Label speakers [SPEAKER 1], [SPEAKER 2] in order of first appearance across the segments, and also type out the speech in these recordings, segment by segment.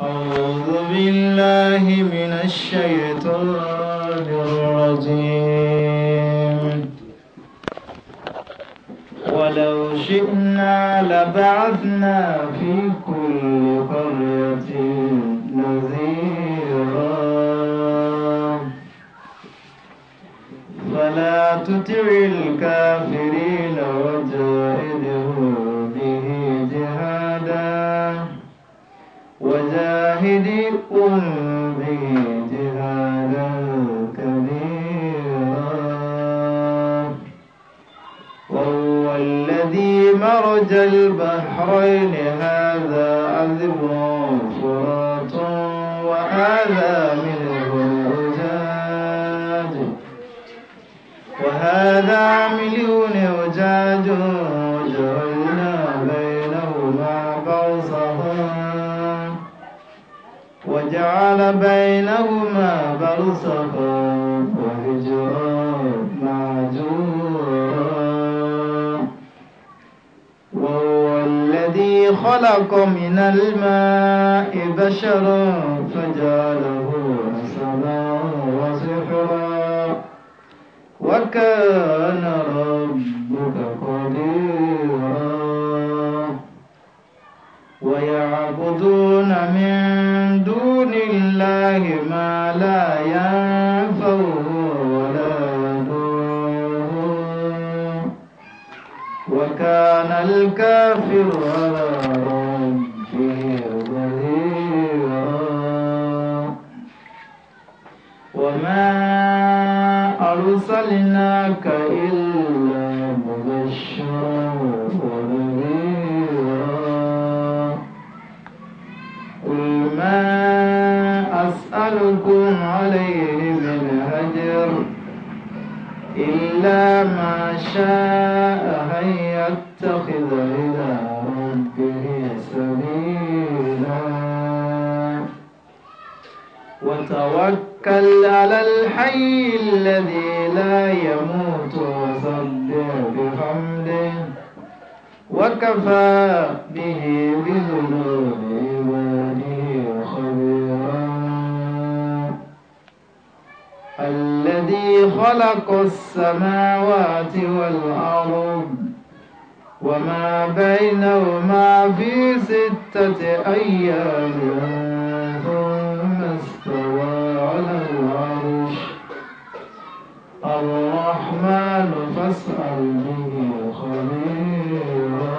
[SPEAKER 1] أعوذ بالله من الشيطان الرجيم ولو شئنا لبعثنا في كل قرية نذيرا فلا تطع الكافرين مرج البحرين هذا عذب فرات وهذا من الوجاج وهذا مليون وجاج وجعلنا بينهما برزخا وجعل بينهما برزخا خلق من الماء بشرا فجعله نسبا وسحرا وكان ربك قديرا ويعبدون من دون الله ما لا ينفع وكان الكافر على ربه ظهيرا وما أرسلناك إلا مبشرا ونذيرا قل ما أسألكم عليه إلى ما شاء أن يتخذ إلى ربه سبيلا وتوكل على الحي الذي لا يموت وسبح بحمده وكفى به بذنوبه خلق السماوات والأرض وما بينهما في ستة أيام ثم استوى على العرش الرحمن فاسأل
[SPEAKER 2] به خبيرا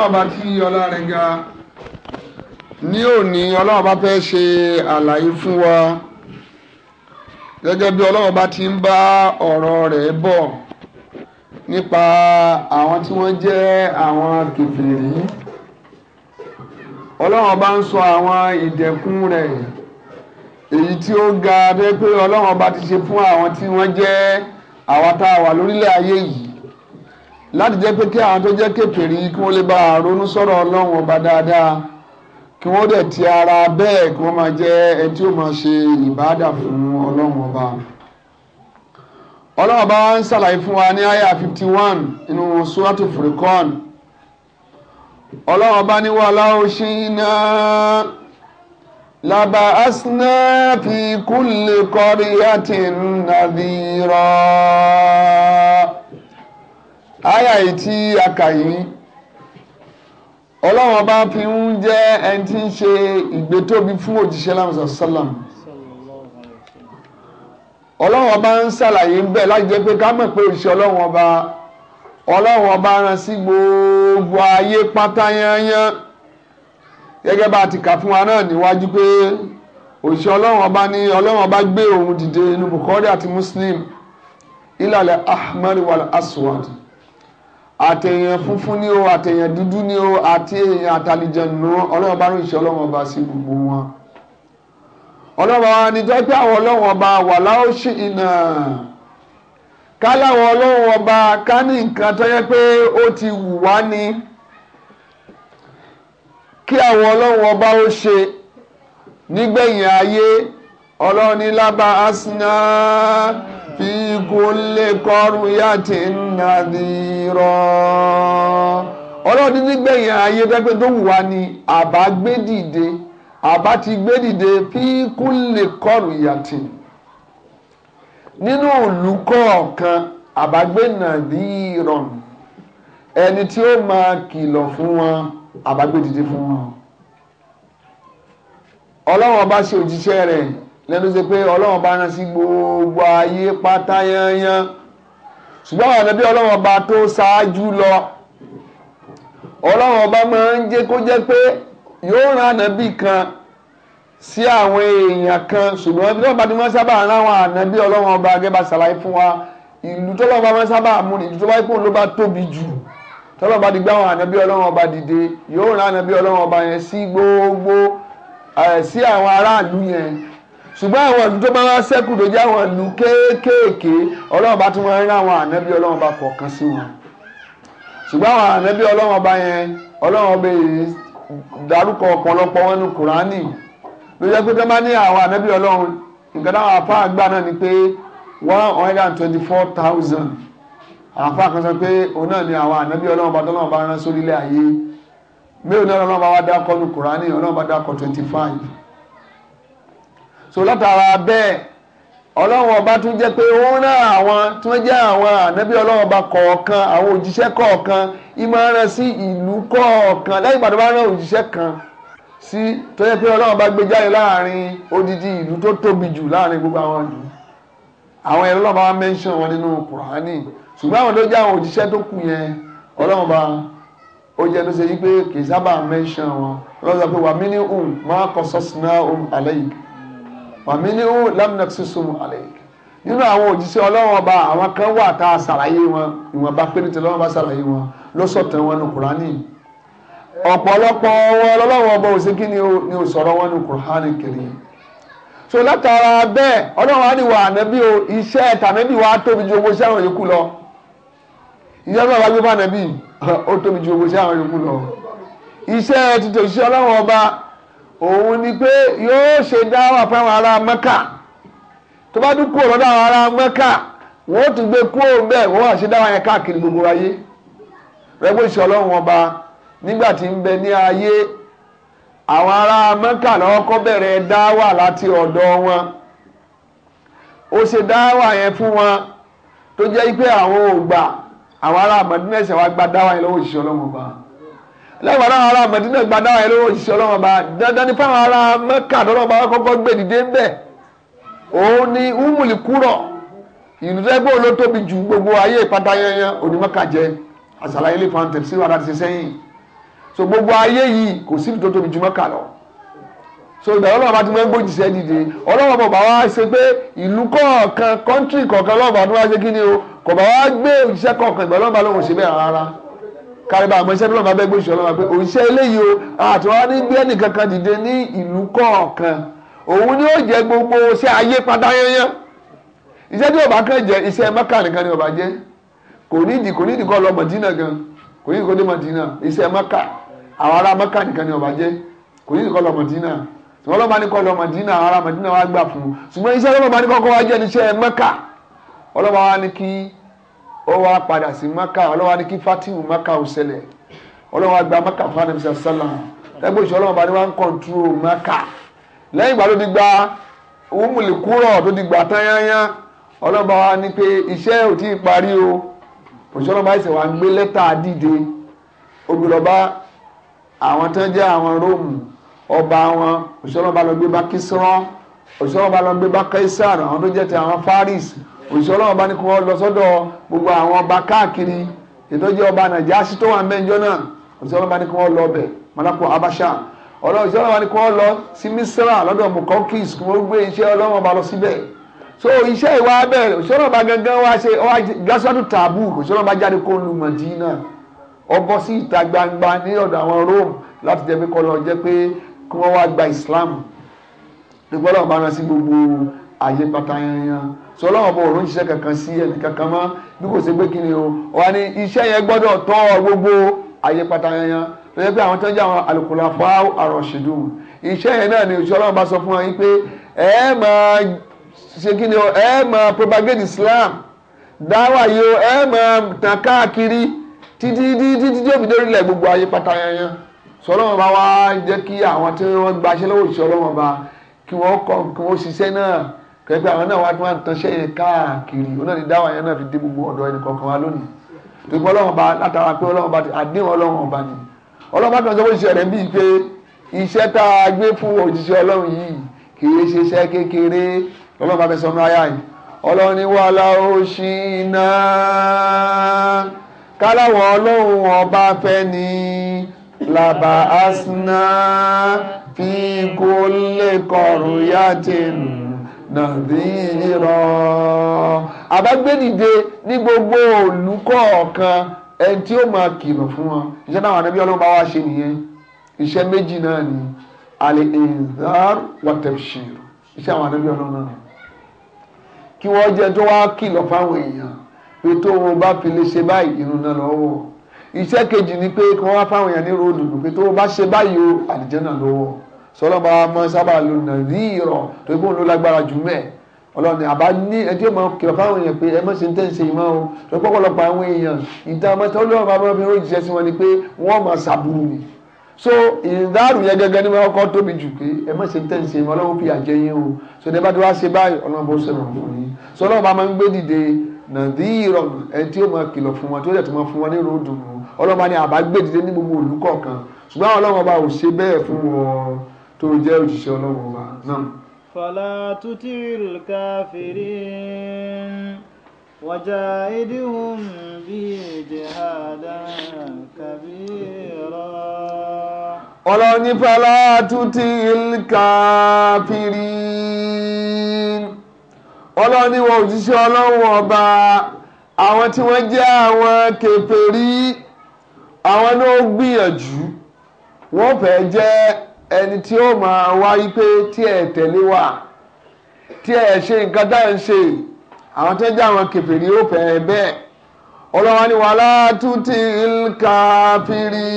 [SPEAKER 2] ọlọ́run bá tí ọlá rẹ̀ ga ní òní ọlọ́run bá fẹ́ ṣe àlàyé fún wa gẹ́gẹ́ bí ọlọ́run bá ti ń bá ọ̀rọ̀ rẹ̀ bọ̀ nípa àwọn tí wọ́n jẹ́ àwọn kèfèrí ọlọ́run bá ń sọ àwọn ìdẹ̀kùn rẹ̀ èyí tí ó ga bẹ́ẹ̀ pé ọlọ́run bá ti ṣe fún àwọn tí wọ́n jẹ́ àwọn tá a wà lórílẹ̀ ayé yìí láti jẹ́ pé kí àwọn tó jẹ́ kèfèrí kí wọ́n lè bá ronú sọ̀rọ̀ ọlọ́run ọba dáadáa kí wọ́n dẹ̀ ti ara bẹ́ẹ̀ kí wọ́n máa jẹ́ ẹni tí ó máa ṣe ìbáàdà fún ọlọ́run ọba ọlọ́run ọba ń ṣàlàyé fún wa ní àyà fifty one nínú suratu ọlọ́run ọba ní wàhálà òṣìnà laba asna fi kulli qaryatin nadhira àyà yìí tí a kà yìí ọlọ́run ọba fi ń jẹ́ ẹni tí ń ṣe ìgbétóbi fún òjíṣẹ́ lámùsà sálàmù ọlọ́run ọba ń ṣàlàyé ń bẹ̀ láti jẹ́ pé ká mọ̀ pé òṣìṣẹ́ ọlọ́run ọba ọlọ́run ọba rán sí gbogbo ayé pátá yányán gẹ́gẹ́ bá a ti kà fún wa náà níwájú pé òṣìṣẹ́ ọlọ́run ọba ní ọlọ́run ọba gbé òun dìde inú Bukhari àti Muslim ìlàlẹ̀ ahmed wal aswad àtẹ̀yàn funfun ni o àtẹ̀yàn dúdú ni o àti èèyàn àtàlìjẹ̀ nù ọlọ́run ọba rán òṣìṣẹ́ ọlọ́run ọba sí gbogbo wọn ọlọ́run wa ni tó pé àwọn ọlọ́run ọba wà láòṣì iná káláwọn ọlọ́run ọba ká ní nǹkan tó yẹ pé ó ti wù wá ni kí àwọn ọlọ́run ọba ó ṣe nígbẹ̀yìn ayé ọlọ́run ní lába asná fi kulli qaryatin nadhira ọlọ́run ní nígbẹ̀yìn ayé tó pé tó wù wá ni àbá gbé dìde àbá ti gbé dìde fíkúnlẹ̀ kọ́ọ̀rù yàtì nínú ìlú kọ̀ọ̀kan àbágbé nàbí ìrọ̀rùn ẹni tí ó máa kìlọ̀ fún wọn àbágbé dìde fún wọn ọlọ́wọ́n bá ṣe òjíṣẹ́ rẹ̀ lẹ́nu ṣe pé ọlọ́wọ́n bá rán sí gbogbo ayé pátá yányán ṣùgbọ́n àwọn ẹ̀nẹ́bí ọlọ́wọ́n bá tó ṣáájú lọ ọlọ́wọ́n bá máa ń jẹ́ kó jẹ́ pé yóò ran ànábì kan sí àwọn èèyàn kan ṣùgbọ́n bí wọ́n bá ti máa sábà ran àwọn ànábì ọlọ́run ọba agẹ́bà ṣàlàyé fún wa ìlú tó lọ́ba máa sábà mú ni ìlú tó bá pò ló bá tóbi jù tọ́lọ́ba ti gbá àwọn ànábì ọlọ́run ọba dìde yóò ran ànábì ọlọ́run ọba yẹn sí gbogbo sí àwọn aráàlú yẹn ṣùgbọ́n àwọn ìlú tó bá wá sẹ́kù tó jẹ́ àwọn ìlú kéékèèké ọlọ́run bá tún máa ń rán àwọn ànábì ọlọ́run bá kọ̀ọ̀kan sí wọn ṣùgbọ́n àwọn ànábì ọlọ́run ọba yẹn ọlọ́run ọba yìí dárúkọ ọ̀pọ̀lọpọ̀ wọn ní kùránì ló jẹ́ pé tẹ́lẹ̀ ní àwọn ànábì ọlọ́run nǹkan táwọn afá àgbà náà ni pé one hundred and twenty four thousand àfá kan sọ pé òun náà ni àwọn ànábì ọlọ́run bá tọ́lọ́run bá rán sórí ilé ayé mẹ́rin náà ọlọ́run bá wá dákọ́ ní kùránì ọlọ́run bá dákọ́ twenty five so látara bẹ́ẹ̀ ọlọ́run ọba tún jẹ́ pé òun náà àwọn tí jẹ́ àwọn ànábì ọlọ́run ọba kọ̀ọ̀kan àwọn òjíṣẹ́ kọ̀ọ̀kan ìmọ̀ràn sí ìlú kọ̀ọ̀kan lẹ́yìn ìgbà tó bá rán òjíṣẹ́ kan sí tó yẹ pé ọlọ́run bá gbé jáde láàrin odidi ìlú tó tóbi jù láàrin gbogbo àwọn ìlú àwọn ẹ̀rọ ọlọ́run bá wá mẹ́ńṣọ̀n wọn nínú kùránì ṣùgbọ́n àwọn tó jẹ́ àwọn òjíṣẹ́ tó kù yẹn ọlọ́run bá ó jẹ́ tó ṣe yí pé kì í sábà mẹ́ńṣọ̀n wọn lọ́sọ̀ pé wàmí ní ùn máa kọ sọ́sìnà ùn àlẹ́ yìí wàmí ní ùn lámìnàkísùn àlẹ́ yìí nínú àwọn òjíṣẹ́ ọlọ́run ọba àwọn kan wà tá a ṣàlàyé wọn ìwọ̀nba péréte lọ́wọ́ bá ṣàlàyé wọn ló sọ̀tàn wọn nu kùránì ọ̀pọ̀lọpọ̀ wọn ọlọ́wọ́ ọba òsìkí ni ò sọ̀rọ̀ wọn nu kùránì kiri so látara bẹ́ẹ̀ ọlọ́run á ní wà ànábì o iṣẹ́ tànábì wa tóbi ju owó iṣẹ́ àwọn yòókù lọ iṣẹ́ tó bá gbé bá ànábì ó tóbi ju owó iṣẹ́ àwọn yòókù lọ iṣẹ́ títò iṣẹ́ ọlọ́run ọba òun ni pé yóò ṣe dáwà fún àwọn ará mẹ́kà tó bá dún kúrò lọ́dọ̀ ará mẹ́kà wọ́n tún gbé kúrò bẹ́ẹ̀ wọ́n wà ṣe dáwà yẹn káàkiri gbogbo ayé rẹ́gbẹ́ ìṣọ́ ọlọ́run ọba nígbà tí ń bẹ ní ayé àwọn ará mẹ́kà lọ́wọ́ kọ́ bẹ̀rẹ̀ dáwà láti ọ̀dọ̀ wọn ó ṣe dáwà yẹn fún wọn tó jẹ́ pé àwọn ò àwọn ará àmọ̀dínẹ̀sẹ̀ wa gba dáwà yẹn lọ́wọ́ òṣìṣẹ́ ọlọ́run ọba lẹ́wọ̀n náà ará àmọ̀dínẹ̀ gba dáwà yẹn lọ́wọ́ òṣìṣẹ́ ọlọ́run ọba dandan ní fáwọn ará mẹ́kà lọ́wọ́ ọba kọ́kọ́ gbé dìde ń bẹ̀ òun ni umulikúrọ̀ ìlú tẹ́gbẹ́ olótóbi ju gbogbo ayé ìpátá yẹn yẹn onímọ̀kà àṣàlàyé lè fa tẹ̀sí wa láti sẹ́yìn so gbogbo ayé yìí kò sí tó tóbi jùmọ̀ kà lọ so ìgbà ọlọ́run bá ti máa ń gbòjì sẹ́ dìde ọlọ́run bọ̀ bá wá ṣe pé ìlú kọ̀ọ̀kan kọ́ńtírì kọ̀ọ̀kan ọlọ́run bá tó wá ṣe kí ni o kò bá wá gbé òṣìṣẹ́ kọ̀ọ̀kan ìgbà ọlọ́run bá lóun ṣe bẹ́ẹ̀ rárá kárìbà àmọ́ iṣẹ́ ọlọ́run bá bẹ́ẹ̀ gbòjì ọlọ́run pé òṣìṣẹ́ eléyìí o àti wá ní gbé ẹnìkan kan dìde ní ìlú kọ̀ọ̀kan òun ni ó jẹ gbogbo iṣẹ́ ayé padà yányán iṣẹ́ tí ò bá kàn jẹ iṣẹ́ mẹ́kà nìkan ni ò bá jẹ́ kò nídìí kò nídìí kọ́ lọ Madina gan kò nídìí kọ́ dé Madina iṣẹ́ Maka àwọn ará Maka nìkan ni ó bá jẹ́ kò nídìí kọ́ lọ Madina ṣùgbọ́n lọ́ba ní kọ́ lọ Madina ará Madina wa gbà fún un ṣùgbọ́n iṣẹ́ lọ́ba ní kọ́kọ́ wa jẹ́ iṣẹ́ Maka ọlọ́ba wa ní kí ó wá padà sí Maka ọlọ́ba ní kí fatihu Maka ò ṣẹlẹ̀ ọlọ́ba gba Maka fún anabi sallam ẹgbẹ́ ìṣọ́ ọlọ́ba ní wa ń kọ́ntró Maka lẹ́yìn ìgbà wa ní pé iṣẹ́ ò tí ì parí o òṣèlú máa ṣe wá gbé lẹ́tà dìde obìrọ̀bá àwọn tán jẹ́ àwọn róòmù ọba wọn òṣèlú bá lọ gbé bá kísírọ́ òṣèlú bá lọ gbé bá kaisar àwọn tó jẹ́ ti àwọn faris òṣèlú bá ní kí wọ́n lọ sọ́dọ̀ gbogbo àwọn ọba káàkiri ìtọ́jú ọba nàìjíríà tó wà ń náà òṣèlú bá ní kí wọ́n lọ bẹ̀ malako abasha ọlọ́run ìṣọ́nà wa ni kí wọ́n lọ sí misra lọ́dọ̀ mukokis kí wọ́n gbé iṣẹ́ ọlọ́run ọba lọ síbẹ̀ so iṣẹ́ ìwà abẹ́rẹ́ òṣèlú ọba gangan wá ṣe ọwá gbàsọ́dún tààbù òṣèlú ọba jáde kó lu Mọ̀dínà ọbọ̀ sí ìta gbangba ní ọ̀dọ̀ àwọn Rome láti jẹ́ pé kọ́ lọ jẹ́ pé kí wọ́n wá gba Islam nígbà lọ́wọ́ bá rán sí gbogbo àyè pátá yanyan so ọlọ́wọ́ bọ̀ òun ṣiṣẹ́ kankan sí ẹnì kankan mọ́ bí kò ṣe pé kí ni o wà ní iṣẹ́ yẹn gbọ́dọ̀ tọ́ gbogbo àyè pátá yanyan tó yẹ pé àwọn tó ń jẹ́ àwọn alùpùpù àròṣìdù iṣẹ́ yẹn náà ni òṣèlú ọlọ́wọ́ bá sọ fún wọn yín pé ẹ máa ṣe kí ni o ẹ máa propagate Islam dáwà yìí o ẹ máa tàn káàkiri títí títí tí òbí dórí ilẹ̀ gbogbo ayé pátá yanyan sọlọ́wọ́n bá wá jẹ́ kí àwọn tí wọ́n gba iṣẹ́ lọ́wọ́ ìṣọ́ lọ́wọ́n bá kí wọ́n kọ́ kí wọ́n ṣiṣẹ́ náà kẹ́gbẹ́ àwọn náà wá tí wọ́n ń tanṣẹ́ yẹn káàkiri òun náà ti dáwà yẹn náà fi dé gbogbo ọ̀dọ̀ ẹnì kọ̀ọ̀kan wa lónìí torí pé ọlọ́wọ́n bá látara pé ọlọ́wọ́n bá ti àdéhùn ọlọ́wọ́n bá ni ọlọ́wọ́n bá kan sọ fún ìṣẹ́ rẹ̀ bíi pé iṣẹ́ tá a lọ́lọ́ bá fẹ́ sọ ní ayá yìí ọlọ́run ní wà láwọ́ ṣì náà káláwọ̀ ọlọ́run ọba fẹ́ ni làbà asná fi kó lè kọrù yàtì nàdírọ̀ àbágbénìde ní gbogbo òlú kọ̀ọ̀kan ẹni tí ó máa kìlọ̀ fún wọn iṣẹ́ náà ànábí ọlọ́run bá wá ṣe nìyẹn iṣẹ́ méjì náà ni alẹ́ ìzáàrù wàtẹ̀ṣìrù iṣẹ́ àwọn ànábí ọlọ́run náà kí wọ́n jẹ́ tó wá kìlọ̀ fáwọn èèyàn pé tó wọn bá fi lè ṣe báyìí irun náà lọ́wọ́ iṣẹ́ kejì ni pé kí wọ́n wá fáwọn èèyàn ní ròdùdù pé tó bá ṣe báyìí o àlìjẹ́nà lọ́wọ́ sọlọ́ba máa sábà lò nà ní ìrọ̀ tó gbóhùn ló lágbára jù mẹ́ẹ̀ ọlọ́ni àbá ní ẹjẹ́ máa kìlọ̀ fáwọn èèyàn pé ẹ má ṣe ń tẹ̀sí ìmọ̀ o tó pọ́pọ́lọpọ̀ àwọn èèyàn ìdá ọmọ tó lọ́wọ́ so ìdáàrú yẹn gẹ́gẹ́ ni wọ́n kọ́ tóbi jù pé ẹ má ṣe ń tẹ̀sí ẹ ọlọ́run fi àjẹ yín o so ní bá ti wá ṣe báyìí ọlọ́run bó ṣe ràn fún yín so ọlọ́run bá máa ń gbé dìde nàdí ìrọ̀ ẹ tí ó máa kìlọ̀ fún wọn tí ó dẹ̀ tó máa fún wọn ní ròdù ọlọ́run bá ní àbá gbé dìde ní gbogbo ìlú kọ̀ọ̀kan ṣùgbọ́n ọlọ́run ọba ò ṣe bẹ́ẹ̀ fún wọn tó jẹ́ òṣìṣẹ́ ọlọ́run ọlọ́run ní fẹ́lá tútí káfírí ọlọ́run ní wọn òjíṣẹ́ ọlọ́run ọba àwọn tí wọ́n jẹ́ àwọn kèfèrí àwọn náà gbìyànjú wọ́n fẹ́ jẹ́ ẹni tí ó máa wáyé pé tí ẹ tẹ̀lé wa tí ẹ ṣe nǹkan dá ń ṣe àwọn tó jẹ́ àwọn kèfèrí ó fẹ́ bẹ́ẹ̀ ọlọ́run wàhálà tútí káfírí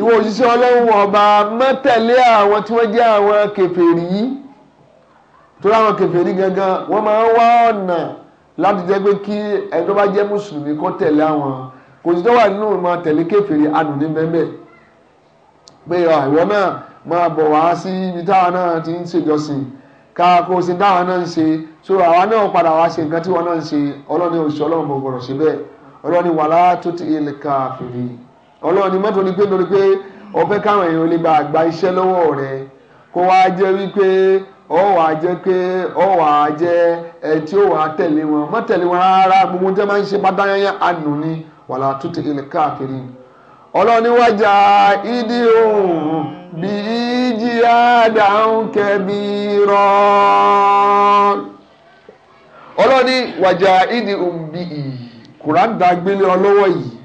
[SPEAKER 2] ìwọ òṣìṣẹ́ ọlọ́run ọba mọ́tẹ̀lé àwọn tí wọ́n jẹ́ àwọn kèfèrí yìí tó láwọn kèfèrí gangan wọ́n máa ń wá ọ̀nà láti jẹ́ pé kí ẹni tó bá jẹ́ mùsùlùmí kó tẹ̀lé àwọn kò sí tó wà nínú máa tẹ̀lé kèfèrí adùn ní bẹ́ẹ̀ pé ìwọ náà máa bọ̀ wá sí ibi táwa náà ti ń ṣèjọsìn ká kó o ṣe táwa náà ń ṣe so àwa náà padà wá ṣe nǹkan tí wọn náà ń ṣe ọlọ́ni òṣìṣẹ́ ọlọ́run kò ṣe bẹ́ẹ̀ ọlọ́ni wàhálà tó ti ilẹ̀ káàfìrí ọlọ́run ni mọ́tò ni pé torí pé ó fẹ́ káwọn èèyàn lè bá gba iṣẹ́ lọ́wọ́ rẹ kó wá jẹ́ wípé ó wà á jẹ́ pé ó wà á jẹ́ ẹ tí ó wà tẹ̀lé wọn má tẹ̀lé wọn rárá gbogbo jẹ́ máa ń ṣe pátáyányá àánú ni wàhálà tó ti ilẹ̀ káàkiri ọlọ́run ni wájà ìdí òun bí ìjì àdáhùn kẹbí ọlọ́run ni wájà ìdí òun bí ìkùrá dàgbélé ọlọ́wọ́ yìí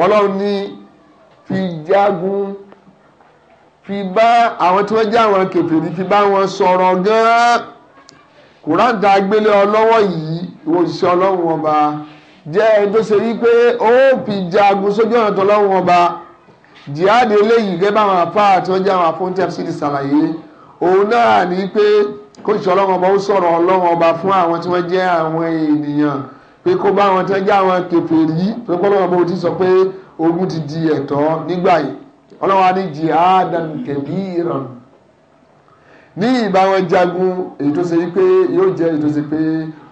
[SPEAKER 2] ọlọ́run ní fi jagun fi bá àwọn tí wọ́n jẹ́ àwọn kèfèrí fi bá wọn sọ̀rọ̀ gan-an kùrán tá a gbélé ọ lọ́wọ́ yìí ìwọ òṣìṣẹ́ ọlọ́run ọba jẹ́ ẹni tó ṣe wípé ó fi jagun sójú ọ̀nà tó ọlọ́run ọba jihadi eléyìí gẹ́gẹ́ bá àwọn apá tí wọ́n jẹ́ àwọn afọ́ńtẹ́ fcd ṣàlàyé òun náà ní pé kóṣìṣẹ́ ọlọ́run ọba ó sọ̀rọ̀ ọlọ́run ọba fún àwọn tí wọ́n jẹ́ àwọn ènìyàn pé kó bá wọn tán já wọn kèfèrí pé kó lọ́wọ́ bó ti sọ pé ogun ti di ẹ̀tọ́ nígbà yìí ọlọ́wọ́ á ní jihadan kabiran ní ìbá wọn jagun èyí tó ṣe wípé yóò jẹ́ èyí tó ṣe pé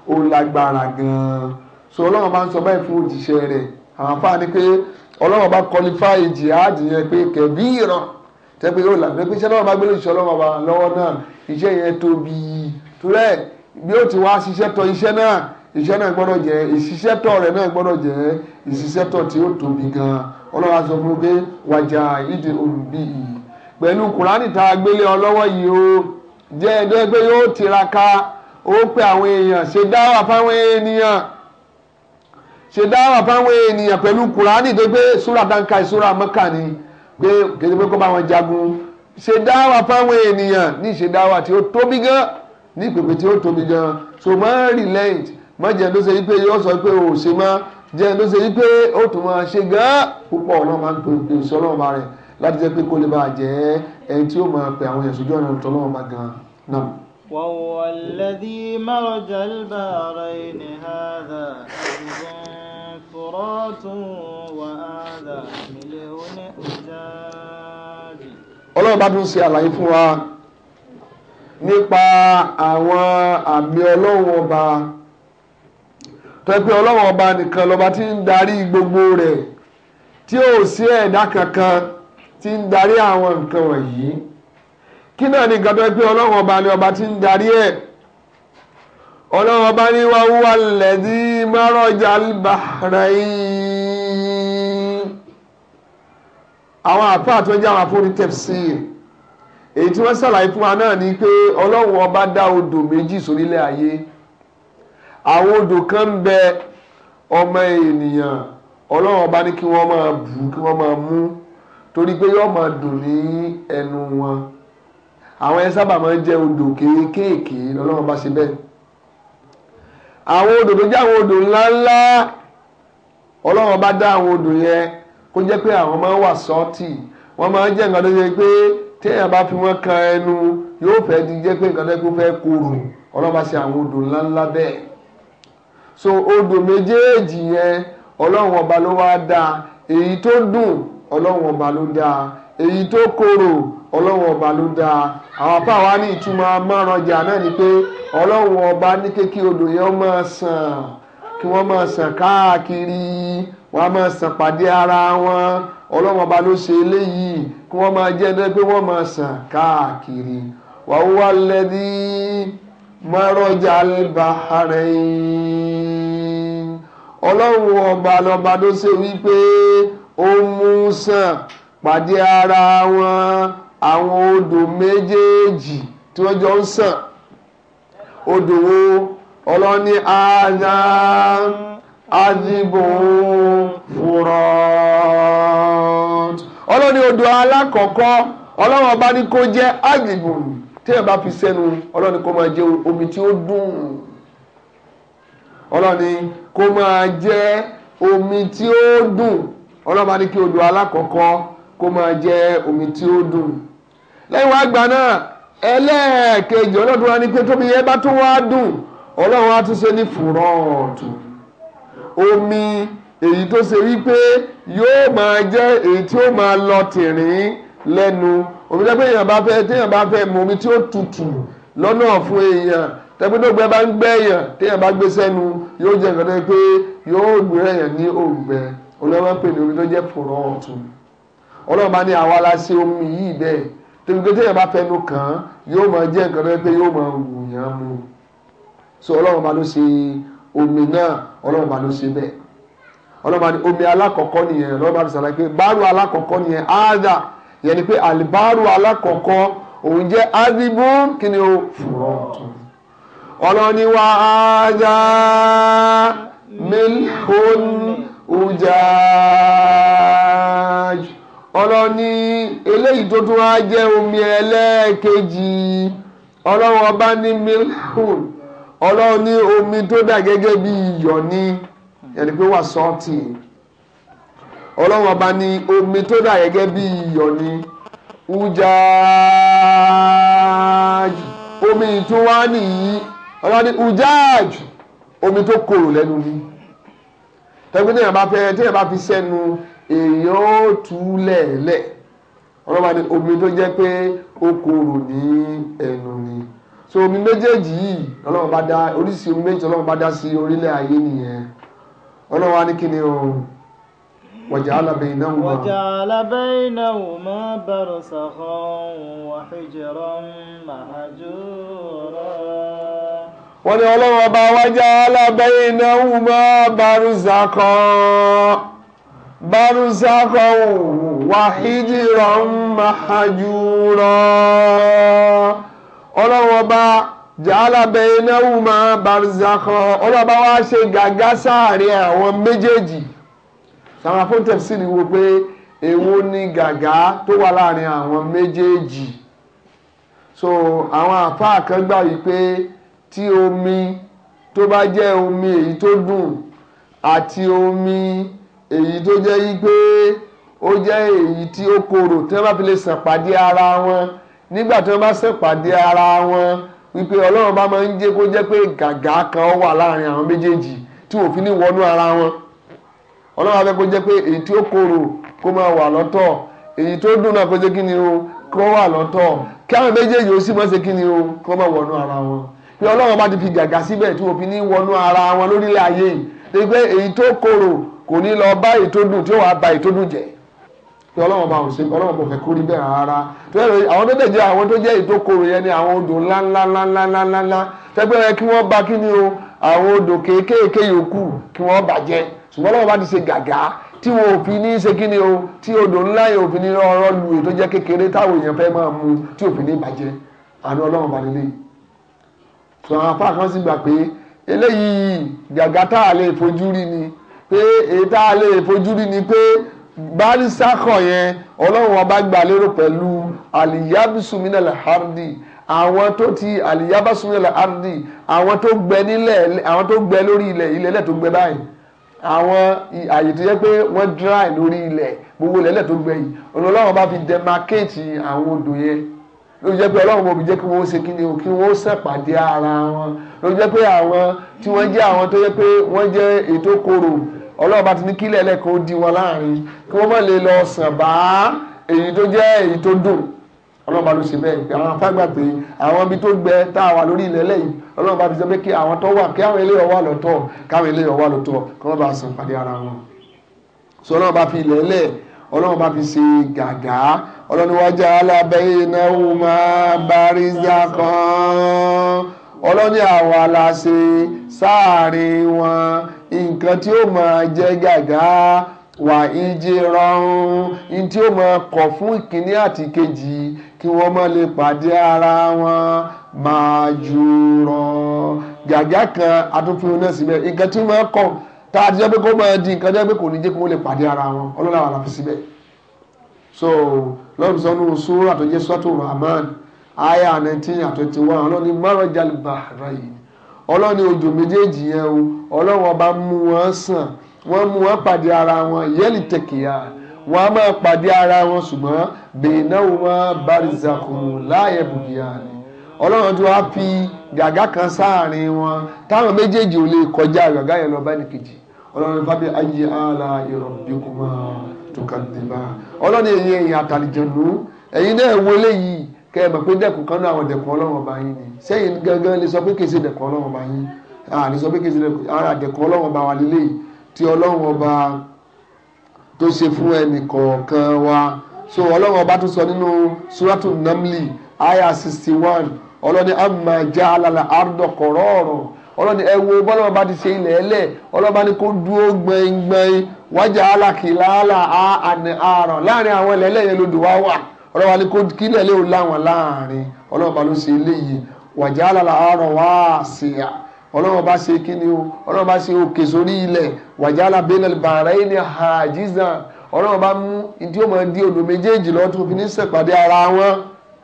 [SPEAKER 2] ó lágbára gan-an so ọlọ́wọ́ bá ń sọ báyìí fún òjíṣẹ́ rẹ̀ àwọn afáàní pé ọlọ́wọ́ bá kọlifáì jihad yẹn pé kabiran tẹ́gbẹ́ yóò lànà pé iṣẹ́ náà bá gbélé ìṣọ́ lọ́wọ́ lọ́wọ́ náà iṣẹ́ yẹn tóbi túrẹ́ bí ó ti náà iṣẹ́ náà gbọ́dọ̀ jẹ́ ìṣiṣẹ́tọ̀ rẹ̀ náà gbọ́dọ̀ jẹ́ ìṣiṣẹ́tọ̀ tí ó tóbi gan-an ọlọ́wà sọ fún un pé wàjà ìdí olùbí yìí pẹ̀lú kùránì tá a gbélé ọ yìí o jẹ́ ẹgbẹ́ pé yóò tiraka ó pe àwọn èèyàn ṣe dáwà fáwọn ènìyàn ṣe dáwà fáwọn ènìyàn pẹ̀lú kùránì tó gbé súrà táǹkà ìsúrà mọ́kà ni pé kéde pé kó bá wọn jagun ṣe dáwà fáwọn ènìyàn ní ìṣe dáwà tí ó tóbi gan ní ìpèpè tí ó tóbi gan so mọ́ relent mọ̀jẹ̀ ló ṣe wípé yóò sọ pé o ò ṣe má jẹ́ ló ṣe wípé ó tún máa ṣe gan púpọ̀ ọ̀nà máa ń pe ìṣọ́ náà bá rẹ̀ láti jẹ́ pé kó lè bá jẹ́ ẹni tí ó máa pe àwọn èèyàn sójú ọ̀nà ìtọ́ náà bá gan náà. وهو الذي
[SPEAKER 1] مرج البحرين هذا عذب
[SPEAKER 2] ọlọ́run bá tún ṣe àlàyé fún wa nípa àwọn àmì ọlọ́run ọba tọ́pẹ́ ọlọ́run ọba nìkan lọ́ba tí ń darí gbogbo rẹ̀ tí ò sí ẹ̀dá kankan tí ń darí àwọn nǹkan wọ̀nyí kí náà ní nǹkan tọ́pẹ́ ọlọ́run ọba ni ọba tí ń darí ẹ̀ ọlọ́run ọba ní wá wúwa lẹ́dí márọ̀jà bahrain àwọn àpá àtúnjẹ àwọn àfúnni tafsir èyí tí wọ́n ṣàlàyé fún wa náà ni pé ọlọ́run ọba dá odò méjì sórílẹ̀ ayé. àwọn odò kan ń bẹ ọmọ ènìyàn ọlọ́run ọba ní kí wọ́n máa bù kí wọ́n máa mú torí pé yóò máa dùn ní ẹnu wọn àwọn yẹn sábà máa ń jẹ odò kéékèèké lọ́lọ́run ṣe bẹ́ẹ̀ àwọn odò tó jẹ́ àwọn odò ńláńlá ọlọ́run dá àwọn odò yẹn kó jẹ́ pé àwọn máa ń wà sọ́ọ̀tì wọ́n máa ń fi wọ́n kan ẹnu yóò fẹ́ di jẹ́ pé nǹkan tó pé ó fẹ́ korò ọlọ́run so odò méjèèjì yẹn ọlọ́run ọba ló wá dá èyí tó dùn ọlọ́run ọba ló dá èyí tó korò ọlọ́run ọba ló àwọn apá wa ní ìtumọ̀ amárànjà náà ni pé ọlọ́run ọba ní kékeré odò yẹn máa sàn kí wọ́n máa sàn káàkiri wọ́n á máa ara wọn ọlọ́run ọba ló ṣe eléyìí kí wọ́n máa jẹ́ ẹni pé wọ́n máa sàn káàkiri wàhùwà lẹ́dí lẹ́bàá ọlọ́run ọba lọ́ba ló ṣe wípé ó mú sàn pàdé ara wọn àwọn odò méjèèjì tí wọ́n jọ ń sàn odò wo ọlọ́ni ààyà àdìbò fúrọ́ ọlọ́ni ní kó jẹ́ àdìbò bá fi sẹ́nu ọlọ́ni kó máa jẹ́ omi tí ó dùn ọlọ́ba ní kí odò alákọ̀ọ́kọ́ kó máa jẹ́ omi tí ó dùn lẹ́yìn wá gbà náà ẹlẹ́ẹ̀kejì ọlọ́dún wa ni pé tómi yẹn bá tún wá dùn ọlọ́run wa tún ṣe ní fùrọ́ọ̀tù omi èyí tó ṣe wípé yóò máa jẹ́ èyí tí ó máa lọ tìrín lẹ́nu omi tó pé èèyàn bá fẹ́ téèyàn bá fẹ́ mu omi tí ó tutù lọ́nà fún èèyàn tẹ́gbẹ́dọ́gbẹ́ bá ń gbẹ̀yàn téèyàn bá gbé sẹ́nu yóò jẹ́ nǹkan tó yẹ pé yóò gbẹ̀yàn ní òǹgbẹ olóòwò pè ní omi tó jẹ́ fòrọ̀ ọ̀tún ọlọ́run bá ní àwa la ṣe omi yìí bẹ́ẹ̀ tẹ́bi pé téèyàn bá fẹnu kàn yóò máa jẹ́ nǹkan tó pé yóò máa wù yàn mu so ọlọ́run bá ló ṣe omi náà ọlọ́run bá ló ṣe bẹ́ẹ̀ ọlọ́run bá ní omi alákọ̀ọ́kọ́ nìyẹn ọlọ́run bá ló ṣàlàyé pé báàrù ni pé àlìbáàrù alákọ̀ọ́kọ́ òun jẹ́ ádìbò kí ni ó fòrọ̀ ọ̀tún ọlọ́ni wa ájá milhun ujaj ọlọ́ni eléyìí tó tún á jẹ́ omi ẹlẹ́ẹ̀kejì ọlọ́run ọba ní milhun ọlọ́run ní omi tó dà gẹ́gẹ́ bí iyọ̀ ní ẹni pé wà sọ́ọ̀tì ọlọ́run ọba ní omi tó dà gẹ́gẹ́ bí iyọ̀ ní ujaj omi ìtúwá nìyí ọlọ́run ní ujaj omi tó korò lẹ́nu ni tẹ́gbẹ́ téèyàn bá fẹ́ téèyàn bá fi sẹ́nu èèyàn ó tú lẹ̀ẹ́lẹ̀ ọlọ́run ní omi tó jẹ́ pé ó korò ní ẹnu ni so omi méjèèjì yìí ọlọ́run bá dá oríṣi omi méjèèjì ọlọ́run bá dá sí orílẹ̀ ayé nìyẹn ọlọ́run wa ní kí ni o
[SPEAKER 1] wàjàlá bẹ̀yìn náà wà.
[SPEAKER 2] wàjàlá
[SPEAKER 1] bẹ̀yìn náà wò má bẹ̀rù sàkóhùn wàhíjìrán màhájúrán wọ́n ní ọlọ́run ọba wájà alábẹ́yìn náà
[SPEAKER 2] mọ́ barúzà kan barúzà kan wàhídì rán mahajúrọ̀ ọlọ́run ọba jàálàbẹ̀yìn náà mọ́ barúzà kan ọlọ́run ọba wá ṣe gàgá sáàrin àwọn méjèèjì sàmà fún tẹ̀sí ni wo pé èwo ni gàgá tó wà láàrin àwọn méjèèjì so àwọn àfáà kan gbà wípé. tí omi tó bá jẹ́ omi èyí tó dùn àti omi èyí tó jẹ́ yí pé ó jẹ́ èyí tí ó korò tí wọ́n bá fi lè sàn ara wọn nígbà tí wọ́n bá sàn ara wọn wípé ọlọ́run bá máa ń jẹ́ kó jẹ́ pé gàgà kan wà láàrin àwọn méjèèjì tí wọ́n ara wọn ọlọ́run fẹ́ kó jẹ́ pé èyí tí ó korò kó máa wà lọ́tọ̀ èyí tó dùn náà kó jẹ́ kí ni o kó wà lọ́tọ̀ kí àwọn méjèèjì ó sì máa ṣe o kó máa wọnú ara wọn. pé ọlọ́run bá ti fi gàgà síbẹ̀ tí wọ́n ní wọnú ara wọn lórílẹ̀ ayé yìí ni pé èyí tó korò kò ní lọ bá èyí tí ó wàá ba èyí tó dùn jẹ́ pé ọlọ́run bá òsè ọlọ́run bò fẹ́ kó rí bẹ́ẹ̀ rárá tó yẹ àwọn tó dẹ̀jẹ́ àwọn tó jẹ́ èyí tó korò yẹn ni àwọn odò ńláńláńláńláńlá tẹ́gbẹ́ yẹn kí wọ́n ba kí ni o àwọn odò kéékèèké yòókù kí wọ́n bàjẹ́ ṣùgbọ́n ọlọ́run bá ti ṣe gàgà tí wọn ò fi ní ṣe kí ni o tí odò ńlá yẹn ò fi ní ọ̀rọ̀ lu èyí tó jẹ́ kékeré táwọn èèyàn fẹ́ máa mu tí ò fi ní bàjẹ́ àánú ọlọ́run bá nílé yìí tó àwọn apá kan sì gbà pé eléyìí gàgà tá a lè fojú rí ni pé èyí tá a lè fojú rí ni pé bárísàkọ̀ yẹn ọlọ́run ọba gbà lérò pẹ̀lú àlìyábísùmínàlà hardi àwọn tó ti àlìyábásùmínàlà hardi àwọn tó gbẹ nílẹ̀ àwọn tó gbẹ lórí ilẹ̀ ilẹ̀ tó gbẹ báyìí àwọn àyè tó yẹ pé wọ́n dry lórí ilẹ̀ gbogbo ilẹ̀ tó gbẹ yìí ọlọ́run ọba fi demarcate àwọn odò yẹn ló jẹ́ pé ọlọ́run bòbí jẹ́ kí wọ́n ṣe kí ni o kí wọ́n ṣèpàdé ara wọn ló jẹ́ pé àwọn tí wọ́n jẹ́ àwọn tó yẹ pé wọ́n jẹ́ ètò koro ọlọ́run bá ti ní kílẹ̀ ẹlẹ́kọ̀ọ́ di wọn láàrin kí wọ́n má lè lọ sàn bá èyí tó jẹ́ èyí tó dùn ọlọ́run bá ló ṣe bẹ́ẹ̀ pé àwọn afágbà pé àwọn ibi tó gbẹ tá a wà lórí ilẹ̀ lẹ́yìn ọlọ́run bá fi sọ pé kí àwọn tó wà kí àwọn eléyọ̀ wà lọ́tọ̀ káwọn eléyọ̀ wà lọ́tọ̀ kí wọ́n bá sàn pàdé ara wọn. sọ ọlọ́run bá fi ilẹ̀ lẹ̀ ọlọ́run bá fi ṣe gàgà ọlọ́ni wájà alábẹ́ iná wùmá bàríza kan ọlọ́ni àwa la ṣe sáàrin wọn nǹkan tí ó máa jẹ́ gàgá wà ìjì rọrùn ní tí ó máa kọ̀ fún ìkíní àti kejì kí wọ́n má lè pàdé ara wọn máa jù gàgá kan atúnfin náà síbẹ̀ nǹkan tí ó máa kọ̀ tá a ti jẹ́ pé kó máa di nǹkan jẹ́ pé kò ní jẹ́ kó lè pàdé ara wọn ọlọ́ni àwa la fi síbẹ̀. so lọ́run sọ nínú súrà tó jẹ́ sọ́tò rahman aya nineteen twenty one ọlọ́ni marajal ọlọ́ni méjèèjì yẹn o ọlọ́run ọba mú wọn sàn wọn pàdé ara wọn yẹ́lì tẹ̀kìyà ara wọn ṣùgbọ́n wọn barizakun láàyè bùkìyà ni ọlọ́run tó wá fi kan sáàrin wọn táwọn méjèèjì ò lè kọjá gàgá yẹn lọ bá nìkejì ọlọ́run ayé ààlà ìrọ̀bí tukadiba ọlọ́ni ẹ̀yin ẹ̀yin àtàlìjẹ̀lú ẹ̀yin náà wo eléyìí kẹ́ ẹ mọ̀ pé dẹ̀kun kan náà àwọn dẹ̀kun ọlọ́run ọba yín ni sẹ́yìn gangan lè sọ pé kèsì dẹ̀kun ọlọ́run ọba yín àní sọ pé kèsì dẹ̀kun ọlọ́run ọba wa lélẹ́yìí tí ọlọ́run ọba tó ṣe fún ẹnì kọ̀ọ̀kan wa so ọlọ́run ọba tó sọ nínú suratu namli aya sixty one ọlọ́ni amma ja'alal arda qarara ọlọ́ni ẹ wo bọ́lọ́run ọba ti ṣe ilẹ̀ ẹlẹ̀ ọlọ́ba ni kó dúró gbẹ̀ngbẹ̀ng wájà alákìlá àlà àní àràn láàrin àwọn ẹlẹ́yẹ lodò wá wà ọlọ́wà ni kò kílẹ̀ lé o láwọn láàrin ọlọ́wà bá ló ṣe eléyìí wàjà àlàlà àràn wá síyà ọlọ́wà bá ṣe kíni o ọlọ́wà bá ṣe òkè sórí ilẹ̀ wàjà àlà bẹ́ẹ̀ bàrẹ́ ní hàjíza ọlọ́wà bá mú ìdí òmò di odò méjèèjì lọ́wọ́ tó fi ní ṣèpàdé ara wọn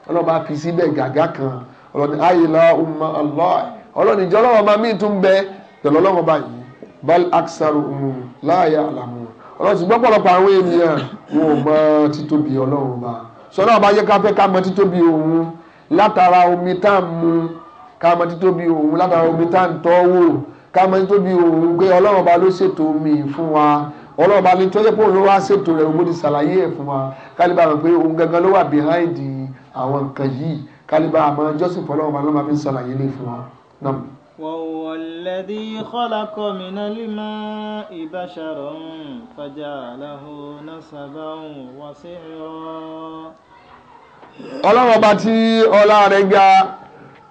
[SPEAKER 2] ọlọ́wà bá fi síbẹ̀ gàgá kan ọlọ́ni ayélujá umma allah ọlọ́ni ìjọ ọlọ́wà bá mí tún bẹ pẹ̀lú ọlọ́wà bá yìí bal aksaru um láàyè àlàmú ọlọ́run ṣùgbọ́n pọ̀lọpọ̀ àwọn ènìyàn wọn ò mọ títóbi ọlọ́run bá sọlá ọba yẹ ká fẹ́ ká mọ títóbi òun látara omi tá à ń mu ká mọ títóbi òun látara omi tá à ń tọ́ wò ká mọ títóbi òun pé ọlọ́run ọba ló ṣètò omi fún wa ọlọ́run ọba ní tọ́jú pé òun ló wá ṣètò rẹ̀ òun ló ti ṣàlàyé ẹ̀ fún wa kálíbà mọ̀ pé òun gangan ló wà behind àwọn nǹkan yìí kálíbà àmọ́ jọ́sìn fọlọ́run ọba ló máa fi ń ṣàlàyé lé fún wa náà.
[SPEAKER 1] وهو الذي خلق من الماء بشرا فجعله نسبا وسعرا
[SPEAKER 2] ọlọ́run ọba tí ọlá rẹ̀ ga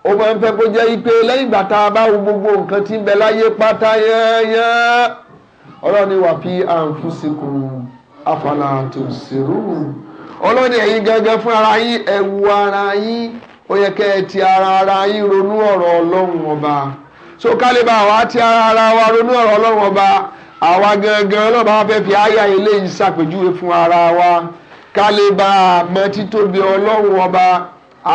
[SPEAKER 2] ó máa ń fẹ́ kó jẹ́ ipe lẹ́yìn ìgbà tá a bá wo gbogbo nǹkan tí ń bẹ láyé pátá yẹ́yẹ́ ọlọ́run ni wà fi àǹfùsìkùn àfàlà tòṣèrú ọlọ́run ẹ̀yin gẹ́gẹ́ fún ara yín ẹ ara yín ó yẹ kẹ́ ẹ ti ara ara yín ronú ọ̀rọ̀ ọlọ́run ọba so kálíbà àwa ti ara ara wa ronú ọ̀rọ̀ ọlọ́run ọba àwa gangan ọlọ́ba wa fẹ́ fi àyà eléyìí ṣàpèjúwe fún ara wa kálíbà àmọ́ títóbi ọlọ́run ọba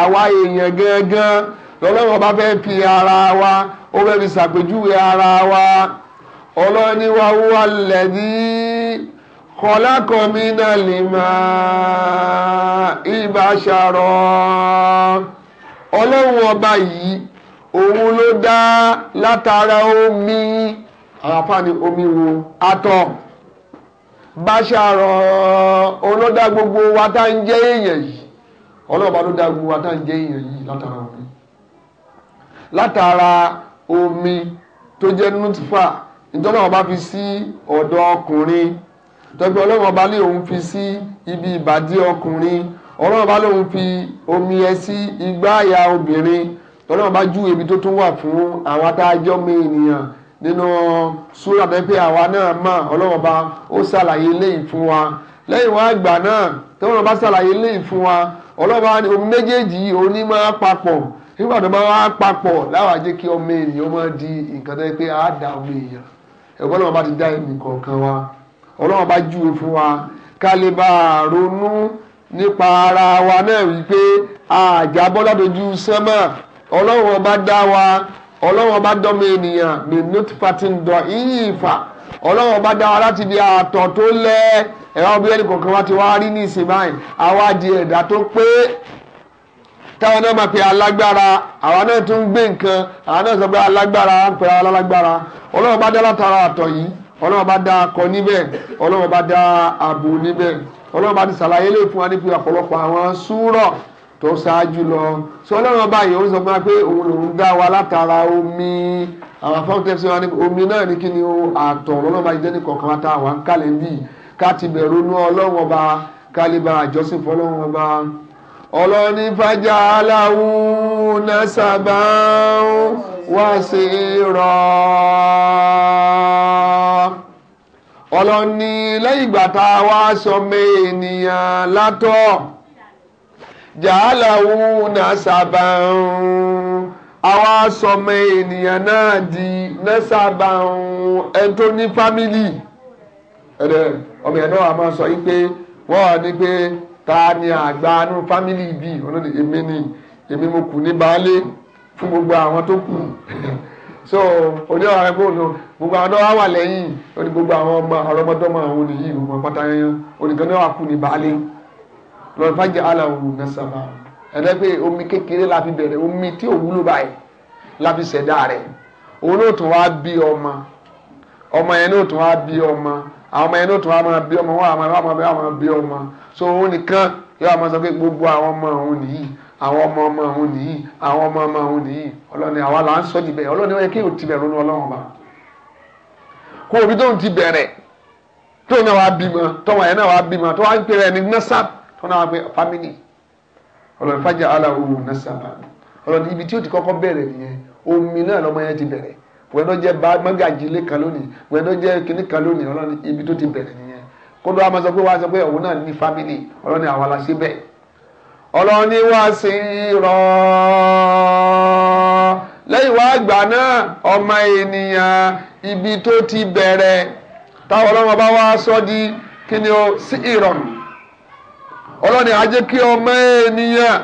[SPEAKER 2] àwa èèyàn gangan lọ́lọ́run ọba fẹ́ fi ara wa ó fẹ́ fi ṣàpèjúwe ara wa ọlọ́ni wa wúwa lẹ́dí kọlákọ̀ mi náà lè máa ìbáṣà rọ̀ ọlọ́run ọba yìí òun ló dá látara omi àwọn afáàní omi wo atọ́ bá ṣàrọ̀ òun ló dá gbogbo wa tá ń jẹ́ èèyàn yìí ọlọ́run ọba ló dá gbogbo wa tá ń jẹ́ èèyàn yìí látara omi látara omi tó jẹ́ nutfa nítorí ọba fi sí ọ̀dọ̀ ọkùnrin tọ́gbẹ́ ọlọ́run ọba lé òun fi sí ibi ìbàdí ọkùnrin ọlọ́run bá lóun fi omi ẹ sí igbá àyà obìnrin ọlọ́run bá ju ibi tó tún wà fún àwọn adájọ́ mi ènìyàn nínú súrà pẹ́pẹ́ àwa náà mọ̀ ọlọ́run bá ó ṣàlàyé léyìn fún wa lẹ́yìn wá àgbà náà tí ọlọ́run bá ṣàlàyé léyìn fún wa ọlọ́run bá omi méjèèjì yìí máa papọ̀ nígbà tó bá wá papọ̀ láwa jẹ́ kí ọmọ ènìyàn máa di nǹkan tó yẹ pé àá da ọmọ èèyàn ẹ̀gbọ́n náà bá ti dá ẹnì kọ̀ọ̀kan wa ọlọ́run bá júwe fún wa ká lè bá ronú nípa ara wa náà wípé àjábọ́ ládojú sẹ́mà ọlọ́run ọba dá wa ọlọ́run ọba dọ́mọ ènìyàn mi notipati ń dọ̀ iyì ìfà ọlọ́run ọba dá wa láti bí àtọ̀ tó lẹ́ ẹ̀rọ bí ẹnì kọ̀ọ̀kan wa ti wá rí ní ìsìn báyìí àwa di ẹ̀dá tó pé táwọn náà máa pe alágbára àwa náà tún gbé nǹkan àwa náà sọ pé alágbára ń pe alágbára ọlọ́run ọba dá látara àtọ̀ yìí ọlọ́run bá dá akọ níbẹ̀ ọlọ́run bá dá abo níbẹ̀ ọlọ́run bá ti ṣàlàyé lè fún wa ní pé ọ̀pọ̀lọpọ̀ àwọn súrọ̀ tó ṣáájú lọ sọ ọlọ́run ọba yìí ó sọ fún wa pé òun lòún dá wa látara omi àwọn afọ́n tẹ́sí wa ní omi náà ní kí ni o àtọ̀ ọlọ́run bá jẹ́ ní kọ̀ọ̀kan ata àwọn kálẹ̀ ń bì ká ti bẹ̀rù inú ọlọ́run ọba kálíbà àjọsìn fọlọ́run ọlọ́run ní ọlọ́ni lẹ́yìn ìgbà tá a wá sọmọ ènìyàn látọ̀ jàálàwù nàṣàbà àwa sọmọ ènìyàn náà di nàṣàbà ẹni tó ní fámìlì ọmọ yẹn náà wà máa sọ yìí pé wọ́n wà ní pé ta ni àgbà nínú fámìlì bíi olóde èmi ni èmi mo kù ní baálé fún gbogbo àwọn tó kù so oníwà rẹ bóòlù gbogbo àwọn náà wà lẹ́yìn ó ní gbogbo àwọn ọmọ àrọ́mọdọ́mọ àwọn nìyí gbogbo pátá yẹn onìkan náà wà kú ní baálé lọ́nà fàájì aláwọ̀ nẹ́sàmà ẹ̀rẹ́ pé omi kékeré la fi omi tí ò wúlò la fi òun náà tún wá bí ọmọ ọmọ yẹn náà tún wá bí ọmọ àwọn ọmọ yẹn náà tún wá máa bí ọmọ wọn àwọn ọmọ yẹn máa so òun nìkan yóò máa sọ pé gbogbo àwọn ọmọ òun nìyí àwọn ọmọ ọmọ òun nìyí àwọn ọmọ ọmọ òun nìyí ọlọ́ni àwa là ń sọ ti bẹ̀rẹ̀ ọlọ́ni ó yẹ kí o ti bẹ̀rẹ̀ ronú ọlọ́run ọba kó o bí tóun ti bẹ̀rẹ̀ tóun náà wá bímọ tọ́wọ́ yẹn náà wá bímọ tó wá ń pèrè ẹni nasab tó náà wá pé family ọlọ́ni fàjà aláwo nasab ọlọ́ni ibi tí o ti kọ́kọ́ bẹ̀rẹ̀ nìyẹn omi náà lọ́mọ yẹn ti bẹ̀rẹ̀ wọ́n tó jẹ́ mágàjìlé kan lónìí wọ́n tó jẹ́ kínní ti bẹ̀rẹ̀ nìyẹn kó ló wá máa sọ pé family ọlọ́ni àwa la ṣe ọlọ́ni wá sí rọ lẹ́yìn wá àgbà náà ọmọ ènìyàn ibi tó ti bẹ̀rẹ̀ táwọn ọlọ́run bá wá sọ di kí ni ó sí ìrọ̀rùn ọlọ́ni á jẹ́ kí ọmọ ènìyàn